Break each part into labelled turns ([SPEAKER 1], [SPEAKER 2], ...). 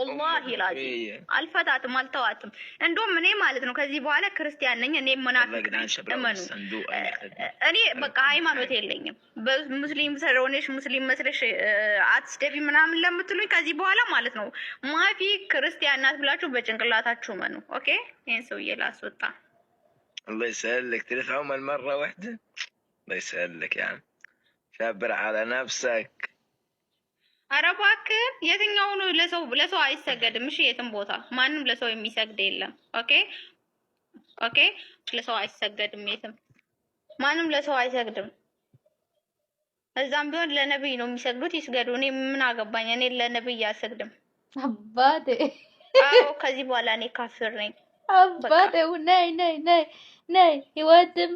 [SPEAKER 1] ወላሂ ላዚም አልፈታትም፣ አልተዋትም። እንደውም እኔ ማለት ነው ከዚህ በኋላ ክርስቲያን ነኝ እኔ መናፍቅ እመኑ፣ እኔ በቃ ሃይማኖት የለኝም። ሙስሊም ስለሆነሽ ሙስሊም መስለሽ አትስደቢ ምናምን ለምትሉኝ ከዚህ በኋላ ማለት ነው ማፊ ክርስቲያን ናት ብላችሁ በጭንቅላታችሁ መኑ። ኦኬ፣ ይህን ሰውዬ ላስወጣ።
[SPEAKER 2] الله يسألك تلف عمل مرة واحدة الله يسألك يعني ثبر على نفسك
[SPEAKER 1] ኧረ እባክህ የትኛው ነው? ለሰው ለሰው አይሰገድም። እሺ የትም ቦታ ማንም ለሰው የሚሰግድ የለም። ኦኬ ኦኬ። ለሰው አይሰገድም። የትም ማንም ለሰው አይሰግድም። እዛም ቢሆን ለነብይ ነው የሚሰግዱት፣ ይስገዱ። እኔ ምን አገባኝ? እኔ ለነብይ አልሰግድም።
[SPEAKER 3] አባቴ
[SPEAKER 1] አዎ፣ ከዚህ በኋላ እኔ ካፍር ነኝ።
[SPEAKER 3] አባቴው ነይ ነይ ነይ ነይ ይወድም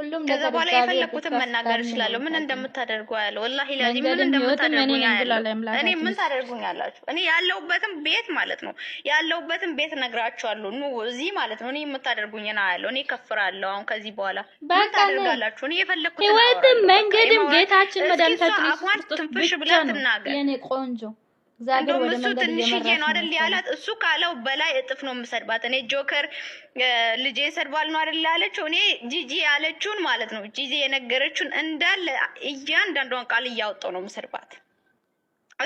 [SPEAKER 1] ሁሉም ከዛ በኋላ የፈለኩትን መናገር እችላለሁ። ምን እንደምታደርጉ ያለው ወላሂ ላዚ
[SPEAKER 3] ምን እንደምታደርጉ
[SPEAKER 1] እኔ ምን ታደርጉኛላችሁ? እኔ ያለሁበትን ቤት ማለት ነው ያለሁበትን ቤት እነግራችኋለሁ። ኑ እዚህ ማለት ነው እኔ የምታደርጉኝ ና ያለው እኔ ከፍራለሁ። አሁን ከዚህ በኋላ ምን ታደርጋላችሁ? እኔ የፈለኩትን
[SPEAKER 3] ህይወትም መንገድም ጌታችን
[SPEAKER 1] መድኃኒታችን ትንፍሽ ብለ ትናገር
[SPEAKER 3] የኔ ቆንጆ
[SPEAKER 1] እንደውም እሱ ትንሽዬ ነው አይደል ያላት። እሱ ካለው በላይ እጥፍ ነው የምሰድባት እኔ። ጆከር ልጄ ሰድባል ነው አይደል ያለችው። እኔ ጂጂ ያለችውን ማለት ነው ጂጂ የነገረችውን እንዳለ እያንዳንዷን ቃል እያወጣው ነው የምሰድባት።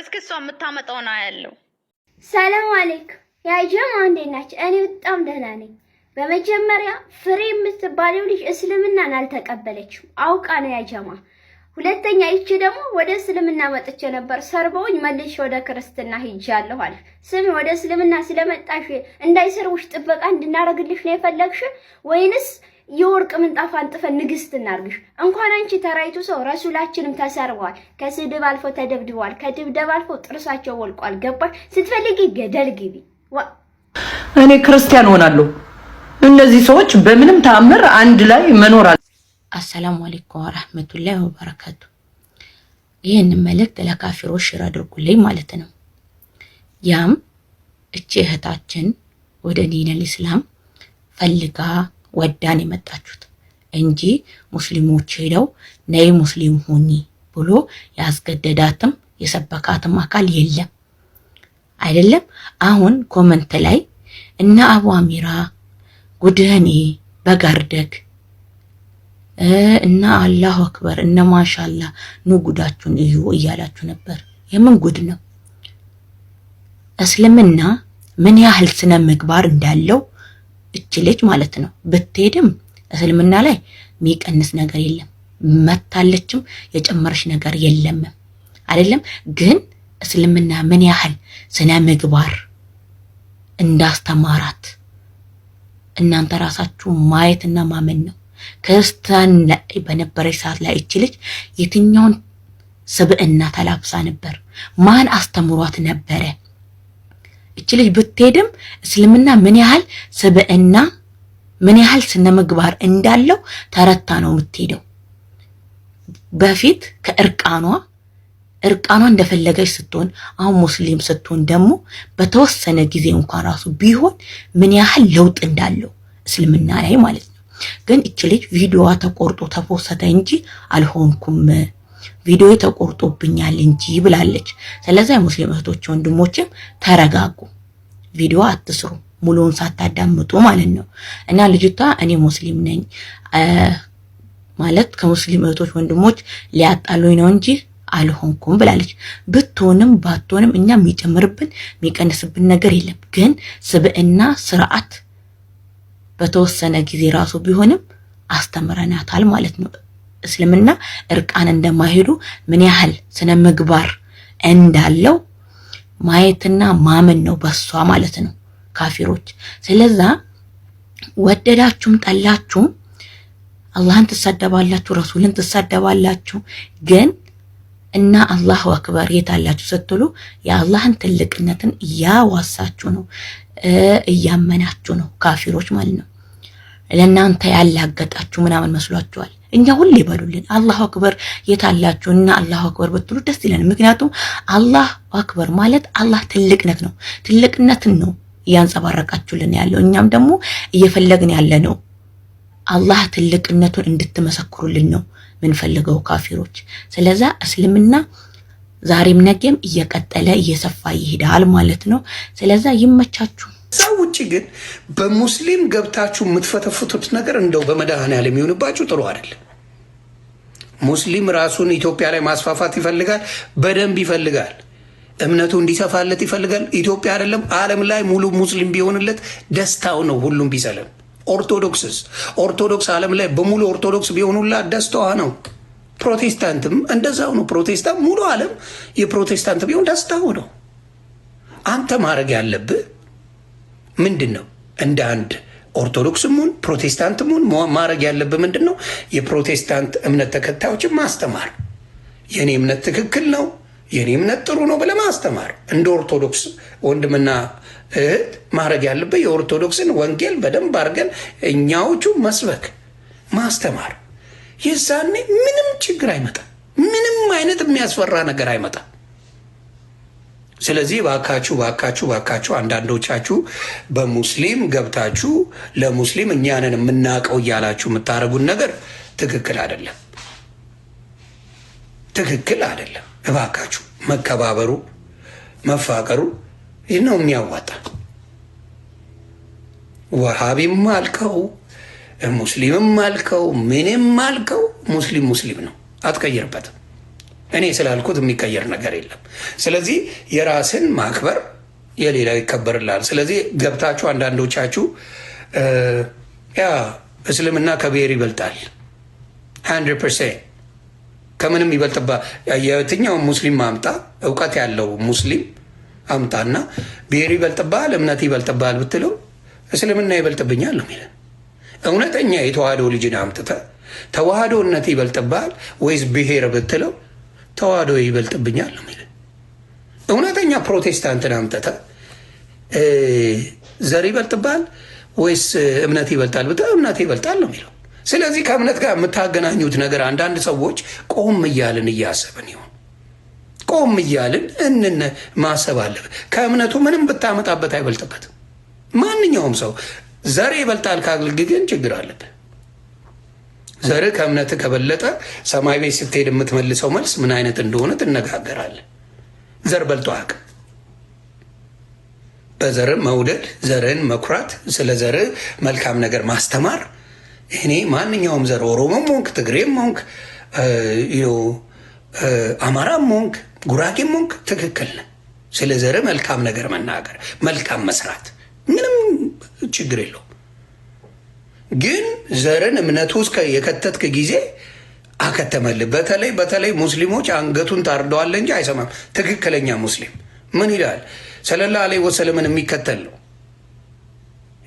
[SPEAKER 1] እስኪ እሷ የምታመጣው ነው ያለው።
[SPEAKER 4] ሰላም አለይኩም ያጀማ፣ እንዴት ናቸው? እኔ በጣም ደህና ነኝ። በመጀመሪያ ፍሬ የምትባለው ልጅ እስልምናን አልተቀበለችው አውቃ ነው ያጀማ ሁለተኛ ይቺ ደግሞ ወደ እስልምና መጥቼ ነበር ሰርበውኝ መልሽ ወደ ክርስትና ሂጃለሁ አለ ስም ወደ እስልምና ስለመጣሽ እንዳይሰርቡሽ ጥበቃ እንድናረግልሽ ነው የፈለግሽ ወይንስ የወርቅ ምንጣፍ አንጥፈን ንግስት እናርግሽ? እንኳን አንቺ ተራይቱ ሰው ረሱላችንም ተሰርበዋል። ከስድብ አልፎ ተደብድበዋል። ከድብደብ አልፎ ጥርሳቸው ወልቋል። ገባሽ? ስትፈልጊ ገደል ግቢ።
[SPEAKER 5] እኔ ክርስቲያን ሆናለሁ። እነዚህ ሰዎች በምንም ተአምር አንድ ላይ መኖር
[SPEAKER 6] አሰላሙ አለይኩም ወራህመቱላሂ ወበረካቱ። ይህንን መልእክት ለካፊሮች ሽር አድርጉልኝ ማለት ነው። ያም እቺ እህታችን ወደ ዲነል ኢስላም ፈልጋ ወዳን የመጣችሁት እንጂ ሙስሊሞች ሄደው ነይ ሙስሊም ሁኒ ብሎ ያስገደዳትም የሰበካትም አካል የለም አይደለም። አሁን ኮመንት ላይ እነ አቡ አሚራ ጉድህኔ በጋርደክ እና አላሁ አክበር እነ ማሻላ ኑ ጉዳችሁን እዩ እያላችሁ ነበር። የምን ጉድ ነው? እስልምና ምን ያህል ስነ ምግባር እንዳለው እች ልጅ ማለት ነው። ብትሄድም እስልምና ላይ የሚቀንስ ነገር የለም። መታለችም የጨመረች ነገር የለም አይደለም። ግን እስልምና ምን ያህል ስነ ምግባር እንዳስተማራት እናንተ ራሳችሁ ማየትና ማመን ነው። ክርስቲያን በነበረች ሰዓት ላይ እች ልጅ የትኛውን ስብዕና ተላብሳ ነበር? ማን አስተምሯት ነበረ? እች ልጅ ብትሄድም እስልምና ምን ያህል ስብዕና ምን ያህል ስነ ምግባር እንዳለው ተረታ ነው የምትሄደው። በፊት ከእርቃኗ እርቃኗ እንደፈለገች ስትሆን፣ አሁን ሙስሊም ስትሆን ደግሞ በተወሰነ ጊዜ እንኳን ራሱ ቢሆን ምን ያህል ለውጥ እንዳለው እስልምና ላይ ማለት ነው። ግን እች ልጅ ቪዲዮዋ ተቆርጦ ተፎሰተ እንጂ አልሆንኩም ቪዲዮ ተቆርጦብኛል እንጂ ብላለች። ስለዚህ ሙስሊም እህቶች ወንድሞችም ተረጋጉ፣ ቪዲዮ አትስሩ ሙሉውን ሳታዳምጡ ማለት ነው። እና ልጅቷ እኔ ሙስሊም ነኝ ማለት ከሙስሊም እህቶች ወንድሞች ሊያጣሉኝ ነው እንጂ አልሆንኩም ብላለች። ብትሆንም ባትሆንም እኛ የሚጨምርብን የሚቀንስብን ነገር የለም። ግን ስብዕና ስርዓት በተወሰነ ጊዜ ራሱ ቢሆንም አስተምረናታል ማለት ነው። እስልምና እርቃን እንደማይሄዱ ምን ያህል ስነ ምግባር እንዳለው ማየትና ማመን ነው በሷ ማለት ነው ካፊሮች። ስለዛ ወደዳችሁም ጠላችሁም አላህን ትሳደባላችሁ፣ ረሱልን ትሳደባላችሁ። ግን እና አላሁ አክበር የታላችሁ ስትሉ የአላህን ትልቅነትን እያዋሳችሁ ነው። እያመናችሁ ነው ካፊሮች ማለት ነው። ለእናንተ ያላገጣችሁ ምናምን መስሏችኋል። እኛ ሁሌ ይበሉልን አላሁ አክበር የታላችሁ እና አላሁ አክበር ብትሉ ደስ ይለን። ምክንያቱም አላህ አክበር ማለት አላህ ትልቅነት ነው። ትልቅነትን ነው እያንጸባረቃችሁልን ያለው። እኛም ደግሞ እየፈለግን ያለ ነው አላህ ትልቅነቱን እንድትመሰክሩልን ነው ምንፈልገው ካፊሮች። ስለዛ እስልምና ዛሬም ነገም እየቀጠለ እየሰፋ ይሄዳል ማለት ነው። ስለዛ ይመቻችሁ።
[SPEAKER 5] እዛ ውጭ ግን በሙስሊም ገብታችሁ የምትፈተፍቱት ነገር እንደው በመድኃኔዓለም የሚሆንባችሁ ጥሩ አይደለም። ሙስሊም ራሱን ኢትዮጵያ ላይ ማስፋፋት ይፈልጋል፣ በደንብ ይፈልጋል። እምነቱ እንዲሰፋለት ይፈልጋል። ኢትዮጵያ አይደለም ዓለም ላይ ሙሉ ሙስሊም ቢሆንለት ደስታው ነው። ሁሉም ቢሰለም ኦርቶዶክስስ ኦርቶዶክስ ዓለም ላይ በሙሉ ኦርቶዶክስ ቢሆኑላት ደስታዋ ነው። ፕሮቴስታንትም እንደዛው ነው። ፕሮቴስታንት ሙሉ ዓለም የፕሮቴስታንት ቢሆን ደስታው ነው። አንተ ማድረግ ያለብህ ምንድን ነው? እንደ አንድ ኦርቶዶክስም ሁን ፕሮቴስታንትም ሁን ማድረግ ያለብህ ምንድን ነው? የፕሮቴስታንት እምነት ተከታዮችን ማስተማር የእኔ እምነት ትክክል ነው፣ የእኔ እምነት ጥሩ ነው ብለህ ማስተማር። እንደ ኦርቶዶክስ ወንድምና እህት ማድረግ ያለብህ የኦርቶዶክስን ወንጌል በደንብ አድርገን እኛዎቹ መስበክ ማስተማር የዛኔ ምንም ችግር አይመጣም። ምንም አይነት የሚያስፈራ ነገር አይመጣም። ስለዚህ ባካችሁ ባካችሁ ባካችሁ አንዳንዶቻችሁ በሙስሊም ገብታችሁ ለሙስሊም እኛንን የምናውቀው እያላችሁ የምታደርጉን ነገር ትክክል አይደለም፣ ትክክል አይደለም። እባካችሁ መከባበሩ፣ መፋቀሩ ይህ ነው የሚያዋጣ። ወሃቢም አልከው ሙስሊምም አልከው ምንም አልከው ሙስሊም ሙስሊም ነው፣ አትቀይርበትም። እኔ ስላልኩት የሚቀየር ነገር የለም። ስለዚህ የራስን ማክበር የሌላው ይከበርላል። ስለዚህ ገብታችሁ አንዳንዶቻችሁ ያ እስልምና ከብሔር ይበልጣል ሀንድረድ ፐርሰንት ከምንም ይበልጥባ የትኛውን ሙስሊም አምጣ፣ እውቀት ያለው ሙስሊም አምጣና ብሔር ይበልጥባል፣ እምነት ይበልጥባል ብትለው እስልምና ይበልጥብኛል ነው የሚለን። እውነተኛ የተዋህዶ ልጅን አምጥተ ተዋህዶነት ይበልጥብሃል ወይስ ብሔር ብትለው ተዋህዶ ይበልጥብኛል ነው የሚል። እውነተኛ ፕሮቴስታንትን አምጥተ ዘር ይበልጥብሃል ወይስ እምነት ይበልጣል ብትለው እምነት ይበልጣል ነው የሚለው። ስለዚህ ከእምነት ጋር የምታገናኙት ነገር አንዳንድ ሰዎች ቆም እያልን እያሰብን ይሆን? ቆም እያልን እንን ማሰብ አለብን። ከእምነቱ ምንም ብታመጣበት አይበልጥበትም። ማንኛውም ሰው ዘር ይበልጣል ካልክ ግን ችግር አለብህ። ዘር ከእምነት ከበለጠ ሰማይ ቤት ስትሄድ የምትመልሰው መልስ ምን አይነት እንደሆነ ትነጋገራለህ። ዘር በልጦ አቅ በዘር መውደድ፣ ዘርን መኩራት፣ ስለ ዘር መልካም ነገር ማስተማር እኔ ማንኛውም ዘር ኦሮሞም ሆንክ ትግሬም ሆንክ አማራም ሆንክ ጉራጌም ሆንክ ትክክል ነህ። ስለ ዘር መልካም ነገር መናገር፣ መልካም መስራት ምንም ችግር የለውም። ግን ዘርን እምነት ውስጥ የከተትክ ጊዜ አከተመልህ። በተለይ በተለይ ሙስሊሞች አንገቱን ታርደዋል እንጂ አይሰማም። ትክክለኛ ሙስሊም ምን ይላል? ሰለላሁ ዐለይሂ ወሰለምን የሚከተል ነው።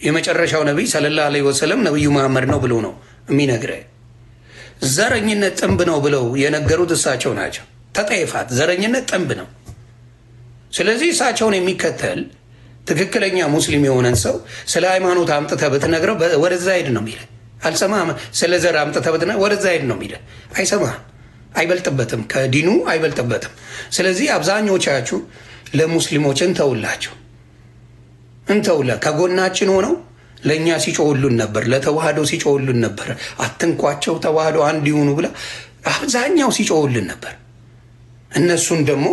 [SPEAKER 5] የመጨረሻው ነቢይ ሰለላሁ ዐለይሂ ወሰለም ነቢዩ መሐመድ ነው ብሎ ነው የሚነግረህ። ዘረኝነት ጥንብ ነው ብለው የነገሩት እሳቸው ናቸው። ተጠይፋት ዘረኝነት ጥንብ ነው። ስለዚህ እሳቸውን የሚከተል ትክክለኛ ሙስሊም የሆነን ሰው ስለ ሃይማኖት አምጥተህ ብትነግረው ወደዛ ሂድ ነው የሚለ አልሰማህም። ስለ ዘር አምጥተህ ብትነግረው ወደዛ ሂድ ነው የሚለ አይሰማህም። አይበልጥበትም፣ ከዲኑ አይበልጥበትም። ስለዚህ አብዛኞቻችሁ ለሙስሊሞች እንተውላቸው፣ እንተውለ ከጎናችን ሆነው ለእኛ ሲጮውሉን ነበር፣ ለተዋህዶ ሲጮውሉን ነበር። አትንኳቸው ተዋህዶ አንድ ይሁኑ ብላ አብዛኛው ሲጮውልን ነበር። እነሱን ደግሞ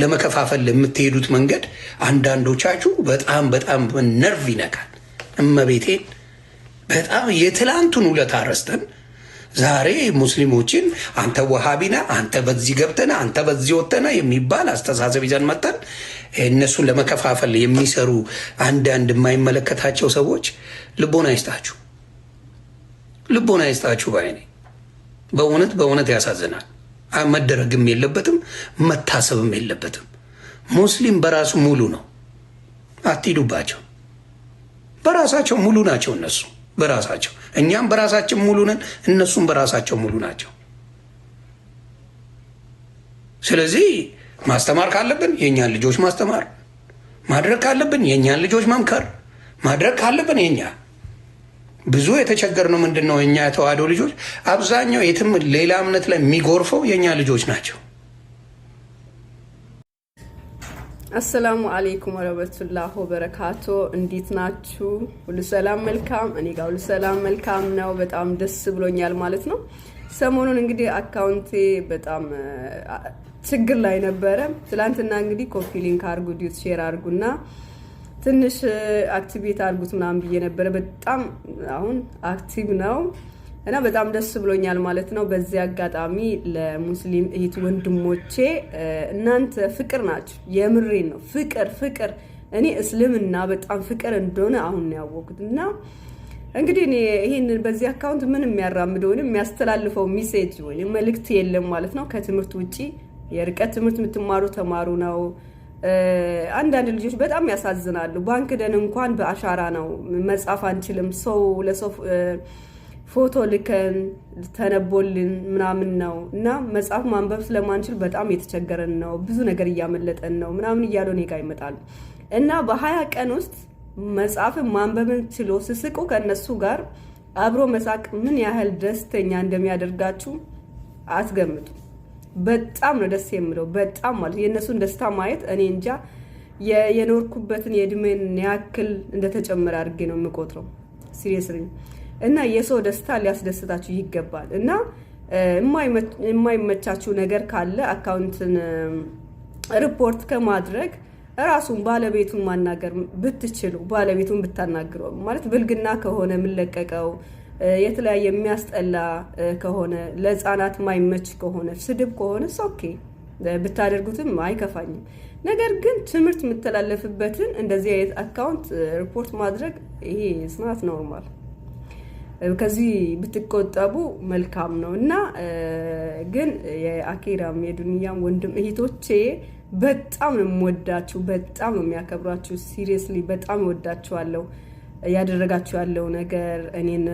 [SPEAKER 5] ለመከፋፈል የምትሄዱት መንገድ አንዳንዶቻችሁ በጣም በጣም ነርቭ ይነካል። እመቤቴን በጣም የትላንቱን ውለታ አረስተን ዛሬ ሙስሊሞችን አንተ ወሃቢና አንተ በዚህ ገብተና አንተ በዚህ ወጥተና የሚባል አስተሳሰብ ይዘን መጠን እነሱን ለመከፋፈል የሚሰሩ አንዳንድ የማይመለከታቸው ሰዎች ልቦና ይስጣችሁ፣ ልቦና ይስጣችሁ። ባይኔ በእውነት በእውነት ያሳዝናል። መደረግም የለበትም መታሰብም የለበትም። ሙስሊም በራሱ ሙሉ ነው። አትሂዱባቸው። በራሳቸው ሙሉ ናቸው እነሱ በራሳቸው እኛም በራሳችን ሙሉ ነን፣ እነሱም በራሳቸው ሙሉ ናቸው። ስለዚህ ማስተማር ካለብን የእኛን ልጆች ማስተማር፣ ማድረግ ካለብን የእኛን ልጆች መምከር፣ ማድረግ ካለብን የእኛ ብዙ የተቸገር ነው። ምንድን ነው የእኛ የተዋህዶ ልጆች አብዛኛው የትም ሌላ እምነት ላይ የሚጎርፈው የእኛ ልጆች ናቸው።
[SPEAKER 7] አሰላሙ አሌይኩም ወረህመቱላሂ ወበረካቱ። እንዴት ናችሁ? ሁሉ ሰላም መልካም? እኔ ጋር ሁሉ ሰላም መልካም ነው። በጣም ደስ ብሎኛል ማለት ነው። ሰሞኑን እንግዲህ አካውንቴ በጣም ችግር ላይ ነበረ። ትላንትና እንግዲህ ኮፒ ሊንክ አርጉ፣ ዲዩት ሼር አርጉና ትንሽ አክቲቬት አድርጉት ምናምን ብዬ ነበረ። በጣም አሁን አክቲቭ ነው እና በጣም ደስ ብሎኛል ማለት ነው። በዚህ አጋጣሚ ለሙስሊም እህት ወንድሞቼ እናንተ ፍቅር ናችሁ። የምሬን ነው። ፍቅር ፍቅር እኔ እስልምና በጣም ፍቅር እንደሆነ አሁን ነው ያወኩት። እና እንግዲህ እኔ ይህንን በዚህ አካውንት ምን የሚያራምደው ወይም የሚያስተላልፈው ሚሴጅ ወይም መልእክት የለም ማለት ነው። ከትምህርት ውጪ የርቀት ትምህርት የምትማሩ ተማሩ ነው አንዳንድ ልጆች በጣም ያሳዝናሉ። ባንክ ደን እንኳን በአሻራ ነው መጻፍ አንችልም። ሰው ለሰው ፎቶ ልከን ተነቦልን ምናምን ነው እና መጽሐፍ ማንበብ ስለማንችል በጣም የተቸገረን ነው፣ ብዙ ነገር እያመለጠን ነው ምናምን እያሉ እኔ ጋ ይመጣሉ እና በሀያ ቀን ውስጥ መጽሐፍን ማንበብን ችሎ ስስቁ ከእነሱ ጋር አብሮ መሳቅ ምን ያህል ደስተኛ እንደሚያደርጋችሁ አትገምጡ። በጣም ነው ደስ የሚለው። በጣም ማለት የእነሱን ደስታ ማየት እኔ እንጃ የኖርኩበትን የእድሜን ያክል እንደተጨመረ አድርጌ ነው የምቆጥረው። ሲሪየስ እና የሰው ደስታ ሊያስደስታችሁ ይገባል። እና የማይመቻችሁ ነገር ካለ አካውንትን ሪፖርት ከማድረግ ራሱን ባለቤቱን ማናገር ብትችሉ ባለቤቱን ብታናግረው ማለት ብልግና ከሆነ የምለቀቀው የተለያየ የሚያስጠላ ከሆነ ለህፃናት ማይመች ከሆነ ስድብ ከሆነ ኦኬ ብታደርጉትም አይከፋኝም። ነገር ግን ትምህርት የምተላለፍበትን እንደዚህ አይነት አካውንት ሪፖርት ማድረግ ይሄ ስናት ኖርማል፣ ከዚህ ብትቆጠቡ መልካም ነው እና ግን የአኬራም የዱንያም ወንድም እህቶቼ በጣም ነው የምወዳችሁ፣ በጣም ነው የሚያከብሯችሁ። ሲሪየስሊ በጣም እወዳችኋለሁ። እያደረጋችሁ ያለው ነገር እኔን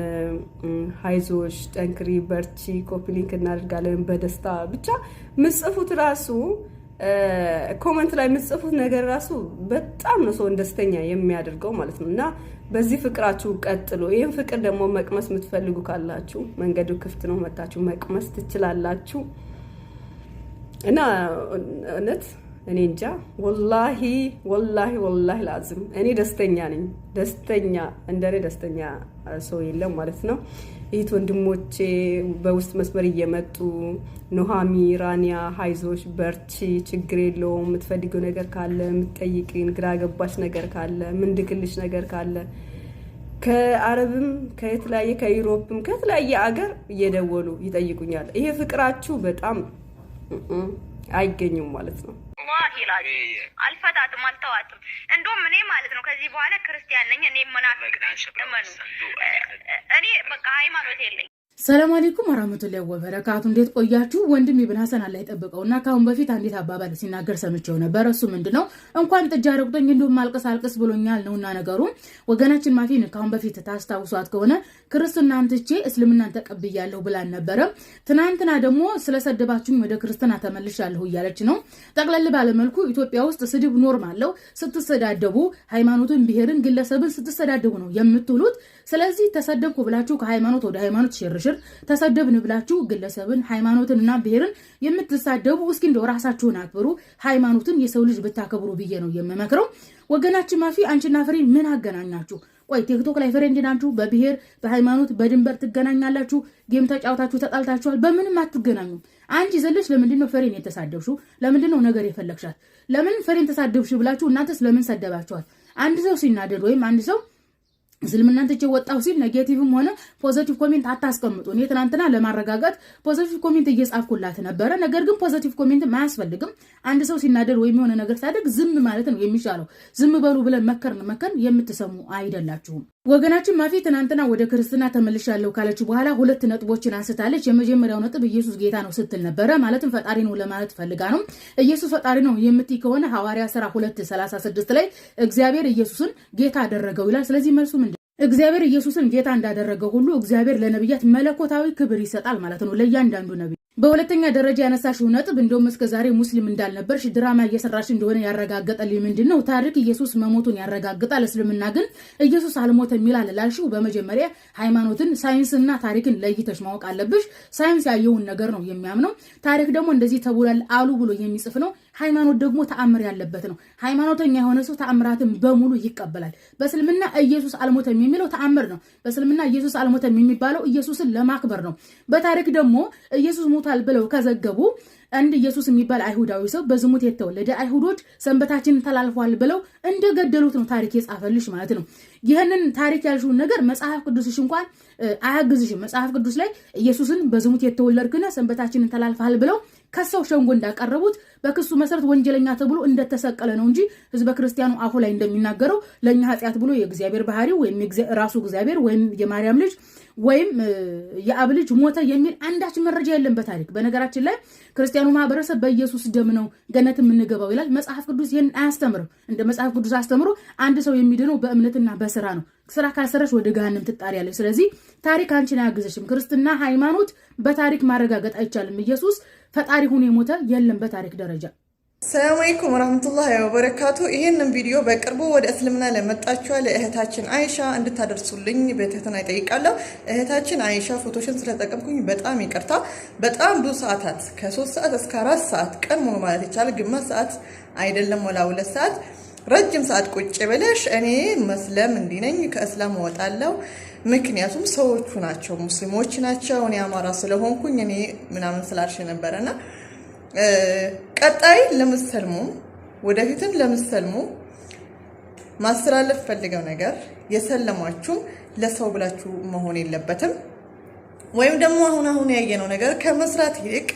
[SPEAKER 7] ሀይዞች ጠንክሪ፣ በርቺ፣ ኮፕሊንክ እናደርጋለን በደስታ ብቻ ምጽፉት ራሱ ኮመንት ላይ የምጽፉት ነገር ራሱ በጣም ነው ሰውን ደስተኛ የሚያደርገው ማለት ነው። እና በዚህ ፍቅራችሁ ቀጥሎ ይህን ፍቅር ደግሞ መቅመስ የምትፈልጉ ካላችሁ መንገዱ ክፍት ነው፣ መታችሁ መቅመስ ትችላላችሁ እና እውነት እኔ እንጃ ወላሂ ወላሂ ወላሂ ላዝም እኔ ደስተኛ ነኝ። ደስተኛ እንደ እኔ ደስተኛ ሰው የለም ማለት ነው። ይህት ወንድሞቼ በውስጥ መስመር እየመጡ ኖሃሚ ራኒያ፣ ሀይዞች፣ በርቺ፣ ችግር የለውም የምትፈልገው ነገር ካለ የምትጠይቅን፣ ግራ ገባሽ ነገር ካለ ምንድክልሽ ነገር ካለ ከአረብም ከተለያየ ከዩሮፕም ከተለያየ አገር እየደወሉ ይጠይቁኛል። ይሄ ፍቅራችሁ በጣም አይገኙም ማለት ነው።
[SPEAKER 1] ሏህ ይላል። አልፈታትም፣ አልተዋትም። እንደውም እኔ ማለት ነው ከዚህ በኋላ ክርስቲያን ነኝ እኔ መናፍቅ እመኑ። እኔ በቃ ሃይማኖት የለኝ
[SPEAKER 8] ሰላም አለይኩም ወራህመቱላሂ ወበረካቱ። እንዴት ቆያችሁ? ወንድም ኢብን ሐሰን አላህ እና ከአሁን በፊት አንዲት አባባል ሲናገር ሰምቼው ነበር። እሱ ምንድን ነው? እንኳን ጥጃ ረግጦኝ እንዲሁም አልቅስ አልቅስ ብሎኛል ነውና ነገሩ ወገናችን ማፊን ከአሁን በፊት ታስታውሷት ከሆነ ክርስትናን ትቼ እስልምናን ተቀብያለሁ ብላን ነበረ። ትናንትና ደግሞ ስለሰደባችሁኝ ወደ ክርስትና ተመልሻለሁ እያለች ነው። ጠቅለል ባለመልኩ ኢትዮጵያ ውስጥ ስድብ ኖርም አለው። ስትሰዳደቡ ሃይማኖትን፣ ብሄርን ግለሰብን ስትሰዳደቡ ነው የምትውሉት። ስለዚህ ተሰደብኩ ብላችሁ ከሃይማኖት ወደ ሃይማኖት ሽርሽ ሽር ተሰደብን ብላችሁ ግለሰብን፣ ሃይማኖትን እና ብሔርን የምትሳደቡ እስኪ እንደው ራሳችሁን አክብሩ። ሃይማኖትን የሰው ልጅ ብታከብሩ ብዬ ነው የምመክረው። ወገናችን ማፊ አንቺና ፍሬ ምን አገናኛችሁ? ቆይ ቲክቶክ ላይ ፍሬንድ ናችሁ። በብሔር በሃይማኖት በድንበር ትገናኛላችሁ። ጌም ተጫውታችሁ ተጣልታችኋል። በምንም አትገናኙ። አንቺ ዘለች ለምንድን ነው ፍሬን የተሳደብሽው? ለምንድን ነው ነገር የፈለግሻት? ለምን ፍሬን ተሳደብሽ ብላችሁ እናንተስ ለምን ሰደባችኋል? አንድ ሰው ሲናደድ ወይም አንድ ሰው እስልምናን ትቼ ወጣሁ ሲል ኔጌቲቭም ሆነ ፖዘቲቭ ኮሜንት አታስቀምጡ። እኔ ትናንትና ለማረጋጋት ፖዘቲቭ ኮሜንት እየጻፍኩላት ነበረ። ነገር ግን ፖዘቲቭ ኮሜንት አያስፈልግም። አንድ ሰው ሲናደድ ወይም የሆነ ነገር ሲያደግ ዝም ማለት ነው የሚሻለው። ዝም በሉ ብለን መከርን መከርን የምትሰሙ አይደላችሁም። ወገናችን ማፊ ትናንትና ወደ ክርስትና ተመልሻለሁ ካለች በኋላ ሁለት ነጥቦችን አንስታለች። የመጀመሪያው ነጥብ ኢየሱስ ጌታ ነው ስትል ነበረ። ማለትም ፈጣሪ ነው ለማለት ፈልጋ ነው። ኢየሱስ ፈጣሪ ነው የምትይ ከሆነ ሐዋርያ ስራ ሁለት ሰላሳ ስድስት ላይ እግዚአብሔር ኢየሱስን ጌታ አደረገው ይላል። ስለዚህ መልሱ ምንድን እግዚአብሔር ኢየሱስን ጌታ እንዳደረገ ሁሉ እግዚአብሔር ለነቢያት መለኮታዊ ክብር ይሰጣል ማለት ነው ለእያንዳንዱ ነቢ በሁለተኛ ደረጃ ያነሳሽው ነጥብ እንደውም እስከ ዛሬ ሙስሊም እንዳልነበርሽ ድራማ እየሰራሽ እንደሆነ ያረጋገጠልኝ ምንድን ነው ታሪክ ኢየሱስ መሞቱን ያረጋግጣል። እስልምና ግን ኢየሱስ አልሞተም ይላል ላልሽው፣ በመጀመሪያ ሃይማኖትን፣ ሳይንስና ታሪክን ለይተሽ ማወቅ አለብሽ። ሳይንስ ያየውን ነገር ነው የሚያምነው። ታሪክ ደግሞ እንደዚህ ተብሏል አሉ ብሎ የሚጽፍ ነው። ሃይማኖት ደግሞ ተአምር ያለበት ነው። ሃይማኖተኛ የሆነ ሰው ተአምራትን በሙሉ ይቀበላል። በእስልምና ኢየሱስ አልሞተም የሚለው ተአምር ነው። በእስልምና ኢየሱስ አልሞተም የሚባለው ኢየሱስን ለማክበር ነው። በታሪክ ደግሞ ኢየሱስ ይሞታል ብለው ከዘገቡ አንድ ኢየሱስ የሚባል አይሁዳዊ ሰው በዝሙት የተወለደ አይሁዶች ሰንበታችንን ተላልፏል ብለው እንደገደሉት ነው ታሪክ የጻፈልሽ ማለት ነው። ይህንን ታሪክ ያልሽውን ነገር መጽሐፍ ቅዱስሽ እንኳን አያግዝሽም። መጽሐፍ ቅዱስ ላይ ኢየሱስን በዝሙት የተወለድክነ ሰንበታችንን ተላልፋል ብለው ከሰው ሸንጎ እንዳቀረቡት በክሱ መሰረት ወንጀለኛ ተብሎ እንደተሰቀለ ነው እንጂ ህዝበ ክርስቲያኑ አፉ ላይ እንደሚናገረው ለእኛ ኃጢአት ብሎ የእግዚአብሔር ባህሪው ወይም ራሱ እግዚአብሔር ወይም የማርያም ልጅ ወይም የአብ ልጅ ሞተ የሚል አንዳች መረጃ የለም በታሪክ በነገራችን ላይ ክርስቲያኑ ማህበረሰብ በኢየሱስ ደም ነው ገነት የምንገባው ይላል መጽሐፍ ቅዱስ ይህን አያስተምርም እንደ መጽሐፍ ቅዱስ አስተምሮ አንድ ሰው የሚድነው በእምነትና በስራ ነው ስራ ካልሰረች ወደ ገሃንም ትጣሪያለች ስለዚህ ታሪክ አንቺን አያግዘሽም ክርስትና ሃይማኖት በታሪክ ማረጋገጥ አይቻልም ኢየሱስ ፈጣሪ ሆኖ የሞተ የለም በታሪክ ደረጃ። ሰላም አለይኩም ወራህመቱላሂ ወበረካቱ። ይህንን ቪዲዮ በቅርቡ ወደ እስልምና ለመጣችኋ ለእህታችን አይሻ እንድታደርሱልኝ በትህትና ይጠይቃለሁ። እህታችን አይሻ ፎቶሽን ስለጠቀምኩኝ በጣም ይቅርታ። በጣም ብዙ ሰዓታት ከሶስት ሰዓት እስከ አራት ሰዓት ቀን ሙሉ ማለት ይቻላል ግማሽ ሰዓት አይደለም ወላ ሁለት ሰዓት ረጅም ሰዓት ቁጭ ብለሽ እኔ መስለም እንዲነኝ ከእስላም እወጣለሁ፣ ምክንያቱም ሰዎቹ ናቸው ሙስሊሞች ናቸው፣ እኔ አማራ ስለሆንኩኝ እኔ ምናምን ስላልሽ ነበረ ቀጣይ ለምሰልሙ ወደፊትም ለምሰልሙ ማስተላለፍ ፈልገው ነገር የሰለማችሁም ለሰው ብላችሁ መሆን የለበትም። ወይም ደግሞ አሁን አሁን ያየነው ነገር ከመስራት ይልቅ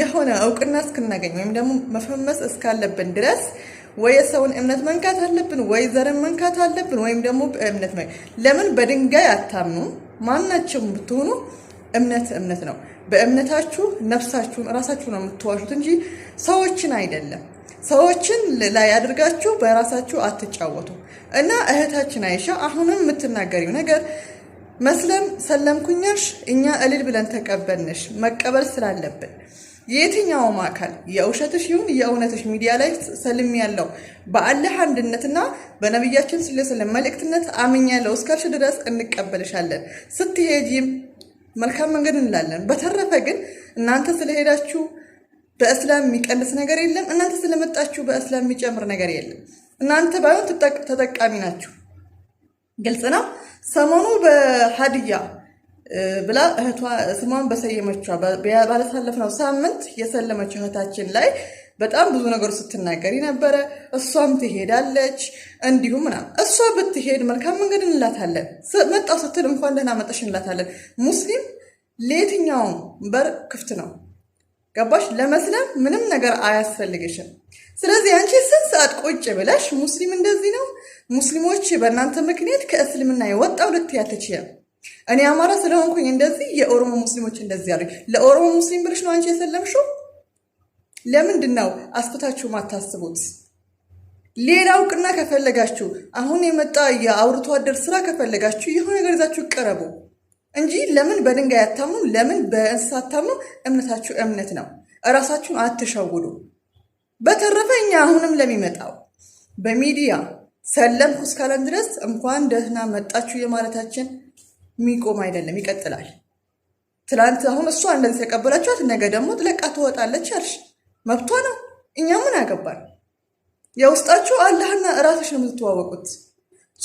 [SPEAKER 8] የሆነ እውቅና እስክናገኝ ወይም ደግሞ መፈመስ እስካለብን ድረስ ወይ የሰውን እምነት መንካት አለብን፣ ወይ ዘርን መንካት አለብን፣ ወይም ደግሞ እምነት ለምን በድንጋይ አታምኑ? ማናቸው ብትሆኑ እምነት እምነት ነው። በእምነታችሁ ነፍሳችሁን እራሳችሁ ነው የምትዋሹት እንጂ ሰዎችን አይደለም። ሰዎችን ላይ አድርጋችሁ በራሳችሁ አትጫወቱ። እና እህታችን አይሻ አሁንም የምትናገሪው ነገር መስለም ሰለምኩኛሽ እኛ እልል ብለን ተቀበልንሽ መቀበል ስላለብን የትኛውም አካል የውሸትሽ ይሁን የእውነትሽ ሚዲያ ላይ ሰልም ያለው በአላህ አንድነትና በነቢያችን ስለሰለም መልእክትነት አምኛለሁ እስካልሽ ድረስ እንቀበልሻለን። ስትሄጂም መልካም መንገድ እንላለን። በተረፈ ግን እናንተ ስለሄዳችሁ በእስላም የሚቀንስ ነገር የለም። እናንተ ስለመጣችሁ በእስላም የሚጨምር ነገር የለም። እናንተ ባይሆን ተጠቃሚ ናችሁ። ግልጽ ነው። ሰሞኑ በሀዲያ ብላ እህቷ ስሟን በሰየመቿ ባለሳለፍነው ሳምንት የሰለመች እህታችን ላይ በጣም ብዙ ነገሮች ስትናገሪ ነበረ። እሷም ትሄዳለች እንዲሁም ምናምን። እሷ ብትሄድ መልካም መንገድ እንላታለን፣ መጣው ስትል እንኳን ደህና መጠሽ እንላታለን። ሙስሊም ለየትኛውም በር ክፍት ነው። ገባሽ? ለመስለም ምንም ነገር አያስፈልግሽም። ስለዚህ አንቺ ስንት ሰዓት ቁጭ ብለሽ ሙስሊም እንደዚህ ነው፣ ሙስሊሞች በእናንተ ምክንያት ከእስልምና የወጣው ልትያትችያል እኔ አማራ ስለሆንኩኝ እንደዚህ የኦሮሞ ሙስሊሞች እንደዚህ ያሉኝ። ለኦሮሞ ሙስሊም ብለሽ ነው አንቺ የሰለምሽው? ለምንድን ነው አስፍታችሁ ማታስቡት? ሌላ እውቅና ከፈለጋችሁ አሁን የመጣ የአውርቶ አደር ስራ ከፈለጋችሁ የሆነ ነገር ይዛችሁ ቀረቡ እንጂ ለምን በድንጋይ አታምኑ? ለምን በእንስሳ አታምኑ? እምነታችሁ እምነት ነው። እራሳችሁን አትሸውዱ። በተረፈ እኛ አሁንም ለሚመጣው በሚዲያ ሰለምኩ እስካለን ድረስ እንኳን ደህና መጣችሁ የማለታችን የሚቆም አይደለም፣ ይቀጥላል። ትላንት አሁን እሷ እንደዚህ ተቀበላችኋት፣ ነገ ደግሞ ጥለቃ ትወጣለች አልሽ፣ መብቷ ነው። እኛ ምን አገባል? የውስጣችሁ አላህና እራሶች ነው የምትተዋወቁት።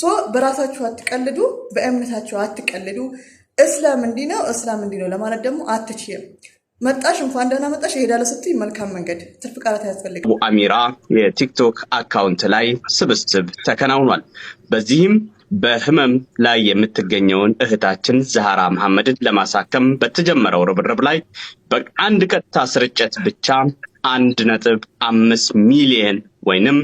[SPEAKER 8] ሶ በራሳችሁ አትቀልዱ፣ በእምነታችሁ አትቀልዱ። እስላም እንዲህ ነው፣ እስላም እንዲህ ነው ለማለት ደግሞ አትችይም። መጣሽ እንኳን ደህና መጣሽ እሄዳለሁ ስትይ መልካም መንገድ። ትርፍ ቃላት አያስፈልግም። አሚራ የቲክቶክ አካውንት ላይ ስብስብ ተከናውኗል። በዚህም በህመም ላይ የምትገኘውን እህታችን ዛህራ መሐመድን ለማሳከም በተጀመረው ርብርብ ላይ በአንድ ቀጥታ ስርጭት ብቻ አንድ ነጥብ አምስት ሚሊየን ወይንም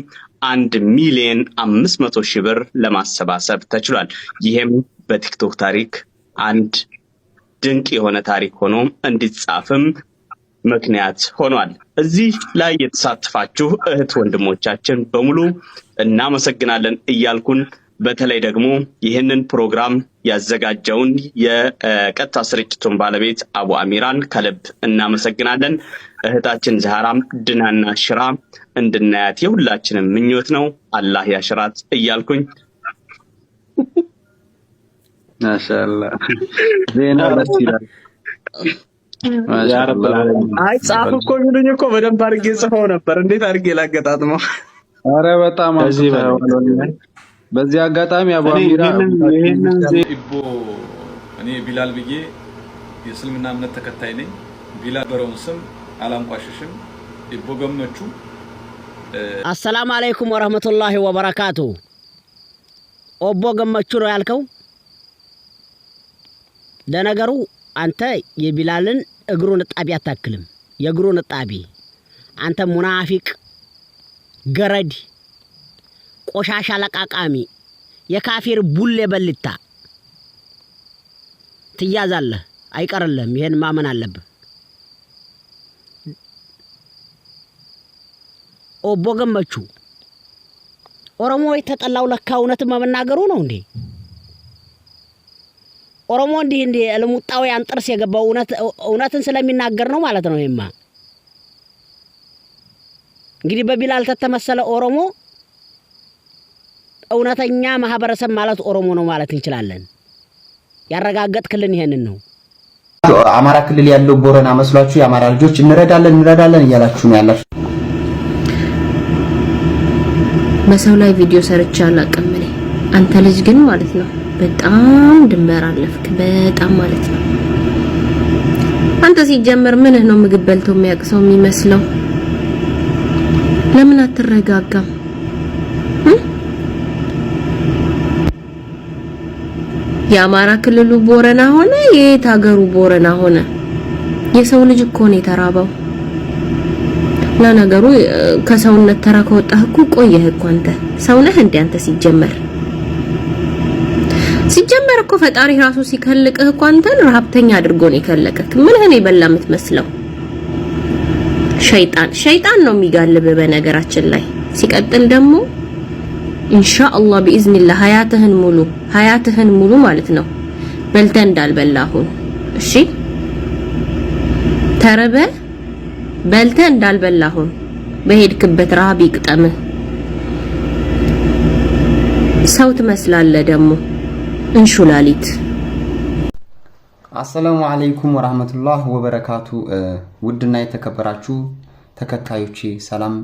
[SPEAKER 8] አንድ ሚሊየን አምስት መቶ ሺህ ብር ለማሰባሰብ ተችሏል። ይህም በቲክቶክ ታሪክ አንድ ድንቅ የሆነ ታሪክ ሆኖ እንዲጻፍም ምክንያት ሆኗል። እዚህ ላይ የተሳተፋችሁ እህት ወንድሞቻችን በሙሉ እናመሰግናለን እያልኩን በተለይ ደግሞ ይህንን ፕሮግራም ያዘጋጀውን የቀጥታ ስርጭቱን ባለቤት አቡ አሚራን ከልብ እናመሰግናለን። እህታችን ዛህራም ድናና ሽራ እንድናያት የሁላችንም ምኞት ነው። አላህ ያሽራት እያልኩኝ ማሻላ ዜና ደስ ይላል። አይ ጻፍ እኮ የሚሉኝ እኮ በደንብ አድርጌ ጽፈው ነበር። እንዴት አድርጌ ላገጣጥመው? አረ በጣም በዚህ አጋጣሚ አቡአሚራ እኔ ቢላል ብዬ የእስልምና እምነት ተከታይ ነኝ። ቢላል በረውን ስም አላንቋሽሽም። ኢቦ ገመቹ አሰላሙ አለይኩም ወረህመቱላሂ ወበረካቱ። ኦቦ ገመቹ ነው ያልከው። ለነገሩ አንተ የቢላልን እግሩን እጣቢ አታክልም። የእግሩን እጣቢ አንተ ሙናፊቅ ገረድ ቆሻሻ ለቃቃሚ፣ የካፊር ቡሌ በልታ ትያዛለህ፣ አይቀርልህም። ይሄን ማመን አለብህ። ኦቦ ገመቹ ኦሮሞ የተጠላው ለካ እውነትን በመናገሩ ነው እንዴ? ኦሮሞ እንዲህ እንዲህ ልሙጣውያን ጥርስ የገባው እውነትን ስለሚናገር ነው ማለት ነው። ይማ እንግዲህ በቢላል ተተመሰለ ኦሮሞ እውነተኛ ማህበረሰብ ማለት ኦሮሞ ነው ማለት እንችላለን። ያረጋገጥክልን ይሄንን ነው። አማራ ክልል ያለው ቦረና መስሏችሁ የአማራ ልጆች እንረዳለን እንረዳለን እያላችሁ ነው ያላችሁ። በሰው ላይ ቪዲዮ ሰርቼ አላውቅም እኔ። አንተ ልጅ ግን ማለት ነው በጣም ድንበር አለፍክ፣ በጣም ማለት ነው። አንተ ሲጀምር ምንህ ነው ምግብ በልቶ የሚያውቅ ሰው የሚመስለው? ለምን አትረጋጋም? የአማራ ክልሉ ቦረና ሆነ የየት ሀገሩ ቦረና ሆነ የሰው ልጅ እኮ ነው የተራበው። ለነገሩ ከሰውነት ተራ ከወጣህ እኮ ቆየህ እኮ አንተ ሰውነህ እንዴ? አንተ ሲጀመር ሲጀመር እኮ ፈጣሪ ራሱ ሲከልቅህ እኮ አንተን ረሀብተኛ አድርጎ ነው የከለቀክ። ምንህን የበላ የምትመስለው? ሸይጣን ሸይጣን ነው የሚጋልብህ በነገራችን ላይ ሲቀጥል ደግሞ ኢንሻአላህ ቢኢዝኒላህ ሀያትህን ሙሉ ሀያትህን ሙሉ ማለት ነው በልተ እንዳልበላሁን። እሺ ተርበ በልተ እንዳልበላሁን በሄድክበት ረሃብ ይቅጠምህ። ሰው ትመስላለህ ደግሞ እንሹላሊት። አሰላሙ አለይኩም ወራህመቱላህ ወበረካቱ። ውድና የተከበራችሁ ተከታዮቼ ሰላም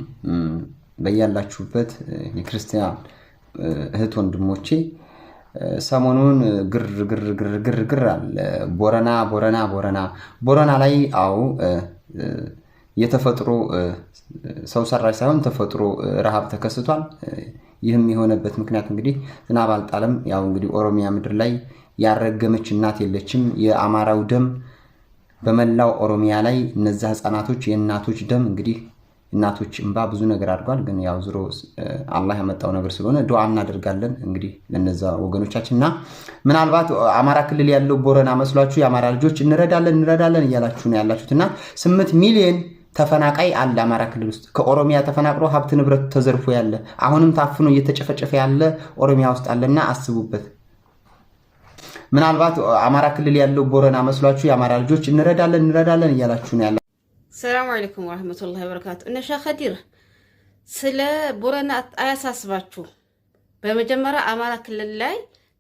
[SPEAKER 8] በያላችሁበት የክርስቲያን እህት ወንድሞቼ ሰሞኑን ግር ግር ግር ግር ግር አለ። ቦረና ቦረና ቦረና ቦረና ላይ አው የተፈጥሮ ሰው ሰራሽ ሳይሆን ተፈጥሮ ረሃብ ተከስቷል። ይህም የሆነበት ምክንያት እንግዲህ ዝናብ አልጣለም። ያው እንግዲህ ኦሮሚያ ምድር ላይ ያረገመች እናት የለችም። የአማራው ደም በመላው ኦሮሚያ ላይ እነዛ ህፃናቶች የእናቶች ደም እንግዲህ እናቶች እንባ ብዙ ነገር አድርጓል። ግን ያው ዝሮ አላህ ያመጣው ነገር ስለሆነ ዱ እናደርጋለን እንግዲህ ለነዛ ወገኖቻችን እና ምናልባት አማራ ክልል ያለው ቦረና መስሏችሁ የአማራ ልጆች እንረዳለን እንረዳለን እያላችሁ ነው ያላችሁት እና ስምንት ሚሊዮን ተፈናቃይ አለ አማራ ክልል ውስጥ ከኦሮሚያ ተፈናቅሎ ሀብት ንብረቱ ተዘርፎ ያለ አሁንም ታፍኖ እየተጨፈጨፈ ያለ ኦሮሚያ ውስጥ አለና አስቡበት። ምናልባት አማራ ክልል ያለው ቦረና መስሏችሁ የአማራ ልጆች እንረዳለን እንረዳለን እያላችሁ ነው ሰላም አለይኩም ወራህመቱላሂ ወበረካቱ። እነሻ ከዲር ስለ ቦረና አያሳስባችሁ። በመጀመሪያ አማራ ክልል ላይ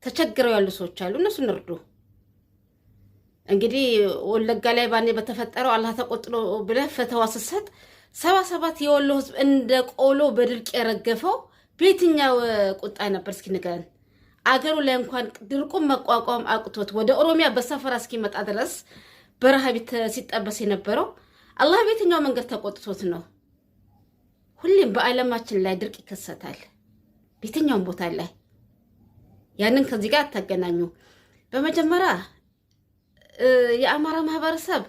[SPEAKER 8] ተቸግረው ያሉ ሰዎች አሉ፣ እነሱ እንርዱ። እንግዲህ ወለጋ ላይ ባኔ በተፈጠረው አላህ ተቆጥሎ ብለህ ፈተዋ ስትሰጥ ሰባ ሰባት የወሎ ህዝብ እንደ ቆሎ በድርቅ የረገፈው በየትኛው ቁጣ ነበር? እስኪ ንገረን። አገሩ ላይ እንኳን ድርቁን መቋቋም አቅቶት ወደ ኦሮሚያ በሰፈራ እስኪመጣ ድረስ በረሃብ ሲጠበስ የነበረው አላህ በየትኛው መንገድ ተቆጥቶት ነው? ሁሌም በዓለማችን ላይ ድርቅ ይከሰታል፣ በየትኛውም ቦታ ላይ። ያንን ከዚህ ጋር አታገናኙ። በመጀመሪያ የአማራ ማህበረሰብ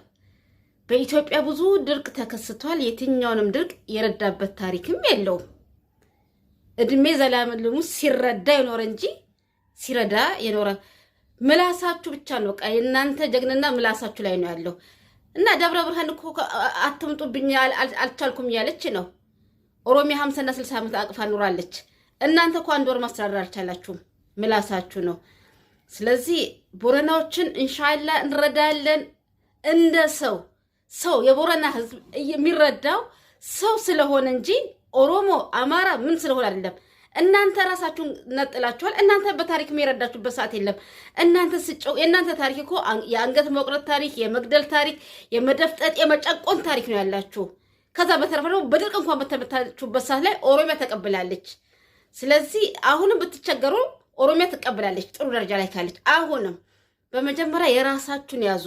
[SPEAKER 8] በኢትዮጵያ ብዙ ድርቅ ተከስቷል። የትኛውንም ድርቅ የረዳበት ታሪክም የለውም። እድሜ ዘላለሙ ሲረዳ የኖረ እንጂ ሲረዳ የኖረ ምላሳችሁ ብቻ ነው። በቃ የእናንተ ጀግንና ምላሳችሁ ላይ ነው ያለው። እና ደብረ ብርሃን እኮ አትምጡብኝ አልቻልኩም እያለች ነው። ኦሮሚያ ሀምሳና ስልሳ ዓመት አቅፋ ኑራለች። እናንተ እኮ አንድ ወር ማስተዳደር አልቻላችሁም፣ ምላሳችሁ ነው። ስለዚህ ቦረናዎችን እንሻላ እንረዳለን። እንደ ሰው ሰው የቦረና ህዝብ የሚረዳው ሰው ስለሆነ እንጂ ኦሮሞ፣ አማራ ምን ስለሆነ አይደለም። እናንተ ራሳችሁን ነጥላችኋል። እናንተ በታሪክ የሚረዳችሁበት ሰዓት የለም። እናንተ ስጨው የእናንተ ታሪክ እኮ የአንገት መቁረጥ ታሪክ፣ የመግደል ታሪክ፣ የመደፍጠጥ የመጨቆን ታሪክ ነው ያላችሁ። ከዛ በተረፈ ደግሞ በድርቅ እንኳን በተመታችሁበት ሰዓት ላይ ኦሮሚያ ተቀብላለች። ስለዚህ አሁንም ብትቸገሩ ኦሮሚያ ትቀብላለች። ጥሩ ደረጃ ላይ ካለች አሁንም በመጀመሪያ የራሳችሁን ያዙ።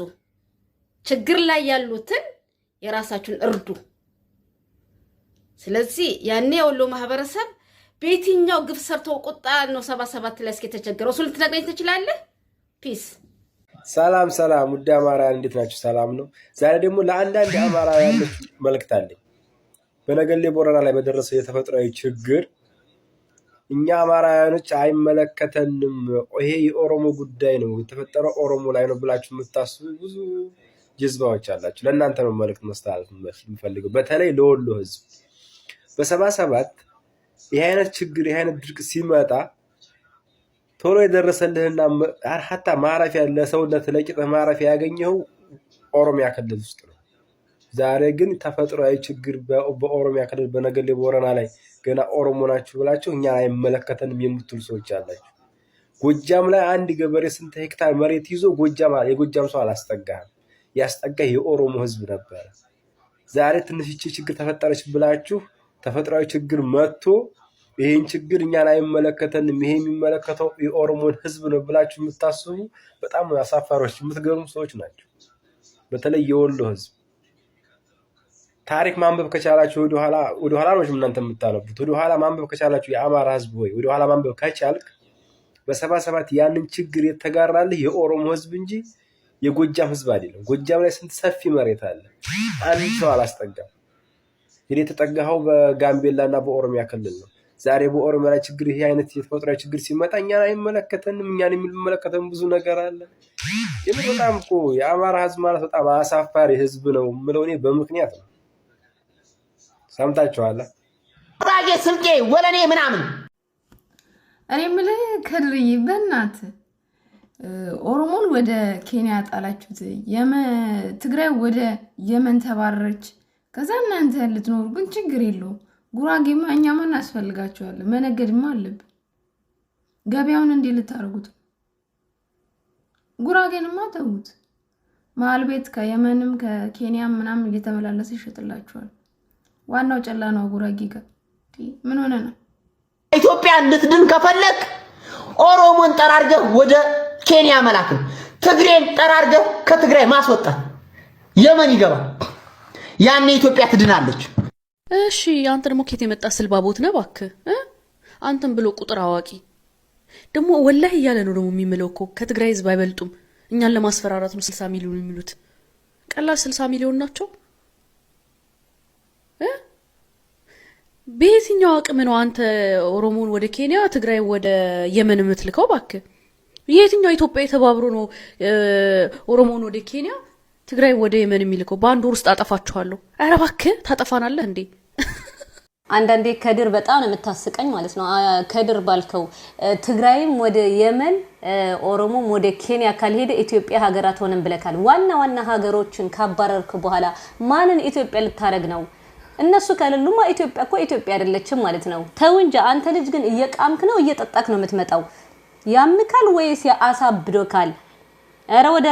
[SPEAKER 8] ችግር ላይ ያሉትን የራሳችሁን እርዱ። ስለዚህ ያኔ የወሎ ማህበረሰብ በየትኛው ግፍ ሰርቶ ቁጣ ነው ሰባ ሰባት ላይ እስኪ የተቸገረው እሱ ልትነግረኝ ትችላለህ? ፒስ ሰላም ሰላም፣ ውድ አማራውያን እንዴት ናቸው? ሰላም ነው። ዛሬ ደግሞ ለአንዳንድ አማራውያን መልእክት አለኝ። በነገሌ ቦረና ላይ በደረሰው የተፈጥሯዊ ችግር እኛ አማራውያኖች አይመለከተንም፣ ይሄ የኦሮሞ ጉዳይ ነው፣ የተፈጠረው ኦሮሞ ላይ ነው ብላችሁ የምታስቡ ብዙ ጀዝባዎች አላችሁ። ለእናንተ ነው መልእክት መስተላለፍ የምፈልገው፣ በተለይ ለወሎ ህዝብ በሰባ ሰባት ይህ አይነት ችግር ይህ አይነት ድርቅ ሲመጣ ቶሎ የደረሰልህና ሀታ ማረፊያ ለሰውነት ለቂጥህ ማረፊያ ያገኘው ኦሮሚያ ክልል ውስጥ ነው። ዛሬ ግን ተፈጥሯዊ ችግር በኦሮሚያ ክልል በነገሌ ቦረና ላይ ገና ኦሮሞ ናችሁ ብላችሁ እኛ አይመለከተንም የምትሉ ሰዎች አላችሁ። ጎጃም ላይ አንድ ገበሬ ስንት ሄክታር መሬት ይዞ ጎጃም የጎጃም ሰው አላስጠጋህም። ያስጠጋ የኦሮሞ ህዝብ ነበረ። ዛሬ ትንሽ ችግር ተፈጠረች ብላችሁ ተፈጥሯዊ ችግር መጥቶ ይህን ችግር እኛን አይመለከተንም፣ ይሄ የሚመለከተው የኦሮሞን ህዝብ ነው ብላችሁ የምታስቡ በጣም አሳፋሪዎች፣ የምትገርሙ ሰዎች ናቸው። በተለይ የወሎ ህዝብ ታሪክ ማንበብ ከቻላችሁ ወደኋላ ሮች እናንተ የምታነቡት ወደኋላ ማንበብ ከቻላችሁ የአማራ ህዝብ ወይ ወደኋላ ማንበብ ከቻልክ በሰባ ሰባት ያንን ችግር የተጋራልህ የኦሮሞ ህዝብ እንጂ የጎጃም ህዝብ አይደለም። ጎጃም ላይ ስንት ሰፊ መሬት አለ፣ አንድ ሰው አላስጠጋም። እንግዲህ የተጠጋኸው በጋምቤላ እና በኦሮሚያ ክልል ነው። ዛሬ በኦሮሚያ ላይ ችግር ይሄ አይነት የተፈጥሯዊ ችግር ሲመጣ እኛን አይመለከተንም፣ እኛን የሚመለከተን ብዙ ነገር አለ። ግን በጣም እኮ የአማራ ህዝብ ማለት በጣም አሳፋሪ ህዝብ ነው የምለው እኔ በምክንያት ነው። ሰምታችኋል። ራጌ ስልጤ፣ ወለኔ ምናምን እኔ የምልህ ክልይ በእናት ኦሮሞን ወደ ኬንያ ጣላችሁት፣ ትግራይ ወደ የመን ተባረረች። ከዛ እናንተ ልትኖሩ ግን ችግር የለውም ጉራጌማ ማን እናስፈልጋቸዋለን። መነገድማ አለብን። ገበያውን እንዲህ ልታደርጉት ጉራጌንማ ተዉት። መሀል ቤት ከየመንም ከኬንያም ምናምን እየተመላለሰ ይሸጥላቸዋል። ዋናው ጨላ ነው። ጉራጌ ጋር ምን ሆነ ነው? ኢትዮጵያ እንድትድን ከፈለግ ኦሮሞን ጠራርገህ ወደ ኬንያ መላክ ትግሬን ጠራርገህ ከትግራይ ማስወጣት፣ የመን ይገባል። ያኔ ኢትዮጵያ ትድናለች። እሺ አንተ ደግሞ ኬት የመጣ ስልባቦት ነህ እባክህ አንተም ብሎ ቁጥር አዋቂ ደግሞ ወላህ እያለ ነው ደግሞ የሚምለው እኮ ከትግራይ ህዝብ አይበልጡም እኛን ለማስፈራራት ነው ስልሳ ሚሊዮን የሚሉት ቀላል ስልሳ ሚሊዮን ናቸው በየትኛው አቅም ነው አንተ ኦሮሞን ወደ ኬንያ ትግራይ ወደ የመን የምትልከው እባክህ የትኛው ኢትዮጵያ የተባብሮ ነው ኦሮሞን ወደ ኬንያ ትግራይ ወደ የመን የሚልከው በአንድ ወር ውስጥ አጠፋችኋለሁ። ኧረ እባክህ ታጠፋናለህ እንዴ? አንዳንዴ ከድር በጣም ነው የምታስቀኝ ማለት ነው። ከድር ባልከው ትግራይም ወደ የመን ኦሮሞም ወደ ኬንያ ካልሄደ ኢትዮጵያ ሀገራት ሆነን ብለካል። ዋና ዋና ሀገሮችን ካባረርክ በኋላ ማንን ኢትዮጵያ ልታደረግ ነው? እነሱ ከሌሉማ ኢትዮጵያ እኮ ኢትዮጵያ አይደለችም ማለት ነው። ተው እንጂ አንተ ልጅ ግን እየቃምክ ነው እየጠጣክ ነው የምትመጣው። ያምካል ወይስ አሳብዶካል? ኧረ ወደ